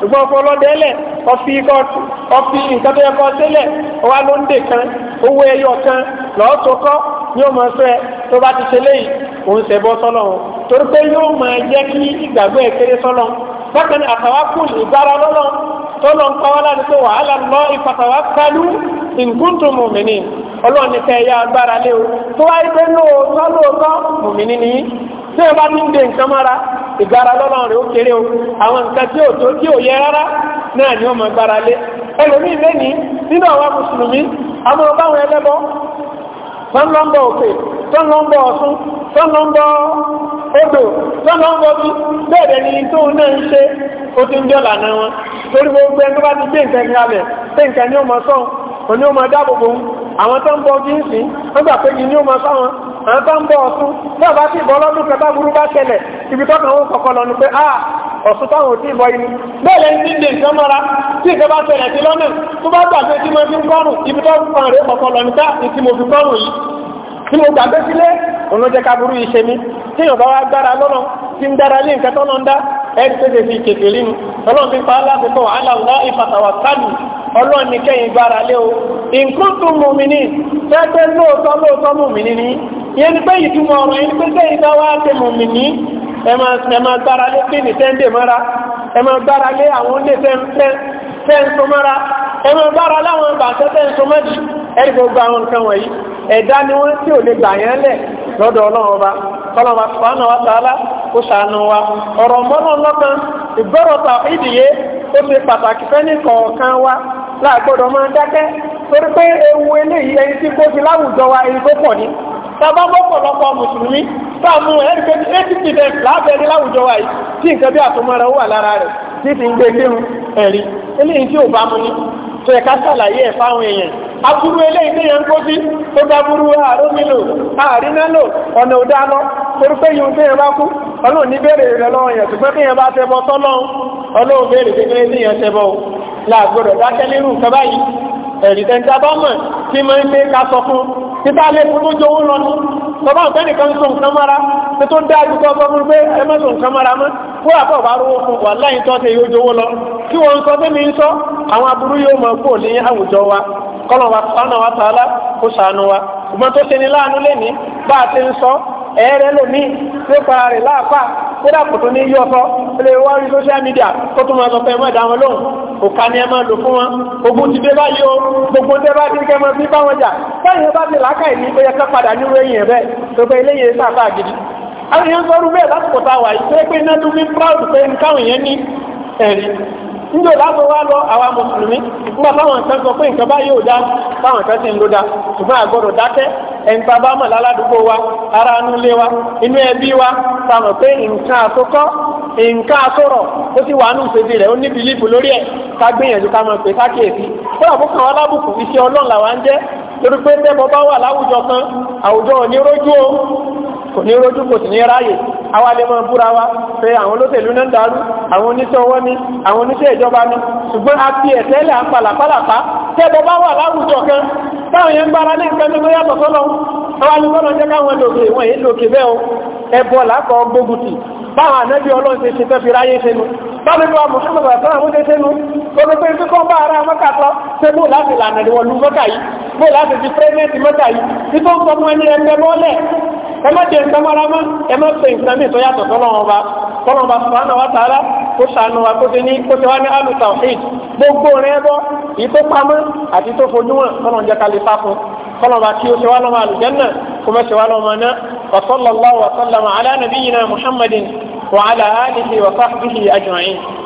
Speaker 1: ṣùgbọ́n ọkọ ọlọdẹ ẹlẹ ọfi nǹkan tó yẹ kọ sílẹ̀ ọwọ́ ló ń dè kan owó ẹyọ kan lọ́ọ́ tó kọ́ ní ọmọ ẹsẹ̀ tó bá ti ṣe léyìí òun ṣe bọ́ sọ́lọ́ wọn torí pé yóò máa jẹ́ kí ìgbàgbọ́ ẹ̀ kéré sọ́lọ́ bákan ní àtàwákù ìgbára lọ́lọ́ tọ́lọ́ ń pawá láti pé wàhálà lọ ìfàtàwá kálú ìgúntù mùmìnì ọlọ́ọ̀ni tẹ o tó o àwọn nǹkan tí ò tó tí ò ni wọ́n máa gbára lé ọba àwọn ẹlẹ́bọ tọ́lọ́mbọ̀ òkè tọ́lọ́mbọ̀ ọ̀tún tọ́lọ́mbọ̀ odò tọ́lọ́mbọ̀ bí bẹ́ẹ̀rẹ̀ ni tó náà ń ṣe ó ti ń jọ́là náà wọn torí gbogbo ẹni tó bá ti gbé nǹkan ní alẹ̀ pé nǹkan ni ó mọ sọ́hun òní ó mọ dáàbòbò àwọn tó ń bọ bí ń sìn wọ́n gbà pé ni ó mọ sọ́hun àwọn tó ń bọ̀ ọ̀tún tí ọba tí ìbọn lọ́dún kẹta burú bá ṣẹlẹ̀ ibi tó kàn kọ̀kọ́ lọ ni pé a ah, ọ̀sùn táwọn ò tí ì bọ inú bẹ́ẹ̀ lẹ́yìn tí ń de nǹkan mọ́ra tí ìjọba ṣẹlẹ̀ sí lọ́nà tó bá gbàgbé tí mo fi ń kọ́rùn ibi tó kàn rèé kọ̀kọ́ lọ níta ah, tí mo fi kọ́rùn yìí tí mo gbàgbé sílé òun ló jẹ́ ká burú yìí ṣe mí tí yorùbá wa gbára lọ́nà tí ń dára lé nǹkan tọ́nà ń dá ẹni tó ṣe fi kékeré nu ọlọ́run ti pa aláàbẹ̀kọ̀ aláwọ̀ ìfàtàwà ọlọ́run ní kẹ́yìn gbára lé o nǹkan tó mú mi ní tẹ́tẹ́ lóòótọ́ lóòótọ́ mú mi ní ní ìyẹn ni pé ìtumọ̀ ọ̀rọ̀ yìí pé sẹ́yìn bá wá ṣe mọ̀mì ní ẹ máa gbára lé pé ní sẹ́ńdè mọ́ra ẹ máa gbára lé àwọn ilé sẹ́ńsọ mọ́ra ẹ máa gbára láwọn bàtẹ́ sẹ́ńsọ mọ́jì ẹ̀rí gbogbo àwọn nǹkan wọ̀nyí ẹ̀dá ni wọ́n tí ò lè gbà yẹn lẹ̀ lọ́dọ̀ ọlọ́run ọba kọlọ́ba fàánà wa tààlà ó ṣàánú wa ọ̀rọ̀ mọ́nà lọ́kàn ìgbọ́rọ̀ ta ìdìyẹ ó ṣe torí pé ewu eléyìí ẹni tí kó fi láwùjọ wa ẹni tó pọ̀ ní bàbá mọ́pọ̀lọpọ̀ mùsùlùmí sáàmù ẹ̀ríkẹ́tì eighty percent lábẹ́rẹ́ láwùjọ wa yìí tí nǹkan bí àtọmọ́ra wà lára rẹ̀ tí ti ń gbé kírun ẹ̀rí eléyìí tí ò bá mu ní tó ẹ̀ka sàlàyé ẹ̀ fáwọn èèyàn aburú eléyìí tó yẹn ń kó sí tó dáburú àrómìlò àrínálò ọ̀nà òdáná torí pé yìí tó yẹn bá kú ọlọ́run ní bèrè rẹ̀ lọ́wọ́ yẹn ṣùgbọ́n tó yẹn bá tẹ́ bọ́ tọ́lọ́run ọlọ́run títà lè fún tó jowó lọ ní tọ́bá ọ̀fẹ́ nìkan sọ nǹkan mara tí tó ń dá àjùkọ ọgbọ́n pé ẹ má sọ nǹkan mara mọ́ fún àpá ọ̀bá rówó fún wà láyìn tó ṣe yóò jowó lọ kí wọ́n sọ tí mi ń sọ àwọn aburú yóò mọ̀ kó ní àwùjọ wa kọ́nà wa kó wa ṣùgbọ́n tó ṣe ní láàánú bá a ti ń sọ ẹ̀ẹ́rẹ́ lómi tí ó para rẹ̀ láàpá kódà kò tún ní yí ọ̀tọ̀ lè wá social media tó tún máa sọ pé ẹmọ́ ìdá wọn lóhùn kò ká ní ẹmọ́ lò fún wọn ogun ti dé báyìí o gbogbo tẹ́ bá dín kẹmọ bí báwọn jà sẹ́yìn bá ti làákà ìní ó yẹ ká padà nírú ẹ̀yìn ẹ̀bẹ́ tó pé ilé yẹn sáfà gidi àwọn èèyàn sọrú bẹ́ẹ̀ lásìkò tá a wà yìí pé pé iná tún fi proud pé nǹkan òyìn ní ẹ̀rí níjọ́ láàbọ̀ wá lọ àwa mùsùlùmí nígbà táwọn nǹkan sọ pé nǹkan báyìí ò dá táwọn nǹkan sì ń wa ara wa inú ẹbí wa táwọn pé nǹkan àkọ́kọ́ nǹkan àtọ̀rọ̀ ó ti wà nù rẹ̀ ó ní bìlíìfù lórí ẹ̀ ká gbìyànjú ká kákìyèsí fún iṣẹ́ ọlọ́run wà láwùjọ kan àwùjọ kò ní kò sì ní àwa lè máa búra wa pé àwọn olóṣèlú náà ń darú àwọn oníṣẹ́ ọwọ́ ni àwọn oníṣẹ́ ìjọba ni ṣùgbọ́n a fi ẹ̀tẹ́lẹ̀ à ń pàlàpàlàpá tẹ́bọ̀ bá wà láwùjọ kan táwọn yẹn ń gbára ní nǹkan tó yàtọ̀ sọ́lọ́ àwọn alùpùpù jẹ́ káwọn lòkè wọ́n yìí lòkè bẹ́ẹ̀ o ẹbọ làkọ̀ gbógun tì báwọn ànábì ọlọ́run ṣe ṣe fẹ́ fi ráyé ṣe nu báwọn ìlú àmọ̀ fún bàbá sọ́nà múṣe ṣe nu gbogbo pé kíkọ́ bá ara mọ́kàtọ́ ṣe bó láti lànà ìwọ̀lú mọ́kà yìí bó láti fi pírẹ́mẹ́ǹtì mọ́kà yìí títọ́ sọ fún ẹni ẹgbẹ́ mọ́lẹ̀ ẹ má jẹ nǹkan mọ́ra mọ́ ẹ má pe nǹkan mi tó yàtọ̀ tọ́lọ́wọ́n ba tọ́lọ́wọ́n ba sùpánà wa tààlà kó sànù wa kó ti ní kó ti wá ní alu tawhid gbogbo rẹ bọ ìtó pamọ́ àti tó fojú wọn tọ́lọ́wọ́n jẹ kálí kí o ṣe wá lọ́mọ àlùjànnà náà wa